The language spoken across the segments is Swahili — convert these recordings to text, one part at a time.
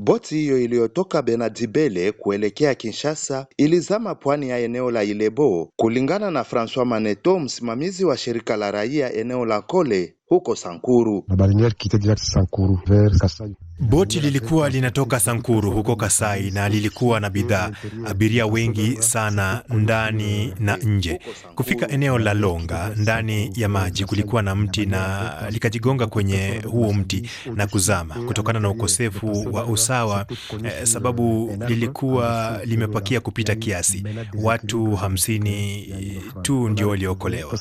Boti hiyo iliyotoka Benadibele kuelekea Kinshasa ilizama pwani ya eneo la Ilebo kulingana na Francois Maneto msimamizi wa shirika la raia eneo la Kole huko Sankuru. Boti lilikuwa linatoka Sankuru huko Kasai na lilikuwa na bidhaa, abiria wengi sana ndani na nje. Kufika eneo la Longa ndani ya maji, kulikuwa na mti na likajigonga kwenye huo mti na kuzama kutokana na ukosefu wa usawa eh, sababu lilikuwa limepakia kupita kiasi. Watu hamsini tu ndio waliookolewa.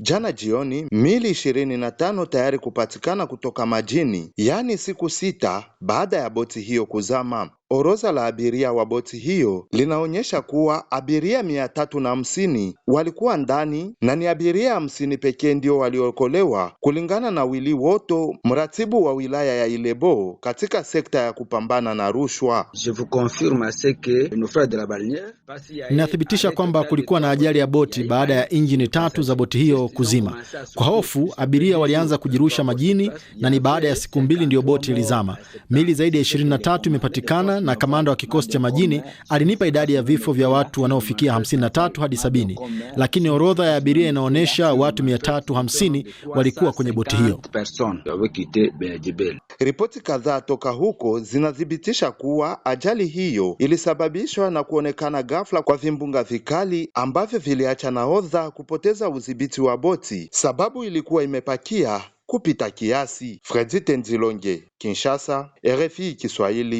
Jana jioni mili ishirini na tano tayari kupatikana kutoka majini, yaani siku sita baada ya boti hiyo kuzama. Orodha la abiria wa boti hiyo linaonyesha kuwa abiria mia tatu na hamsini walikuwa ndani na ni abiria hamsini pekee ndio waliokolewa kulingana na wili Woto, mratibu wa wilaya ya Ilebo katika sekta ya kupambana na rushwa. Inathibitisha kwamba kulikuwa na ajali ya boti baada ya injini tatu za boti hiyo kuzima. Kwa hofu, abiria walianza kujirusha majini na ni baada ya siku mbili ndiyo boti ilizama. Mili zaidi ya 23 imepatikana na kamanda wa kikosi cha majini alinipa idadi ya vifo vya watu wanaofikia 53 hadi 70, lakini orodha ya abiria inaonyesha watu 350 walikuwa kwenye boti hiyo. Ripoti kadhaa toka huko zinathibitisha kuwa ajali hiyo ilisababishwa na kuonekana ghafla kwa vimbunga vikali ambavyo viliacha nahodha kupoteza udhibiti wa boti. Sababu ilikuwa imepakia kupita kiasi. Fredi Tenzilonge, Kinshasa, RFI Kiswahili.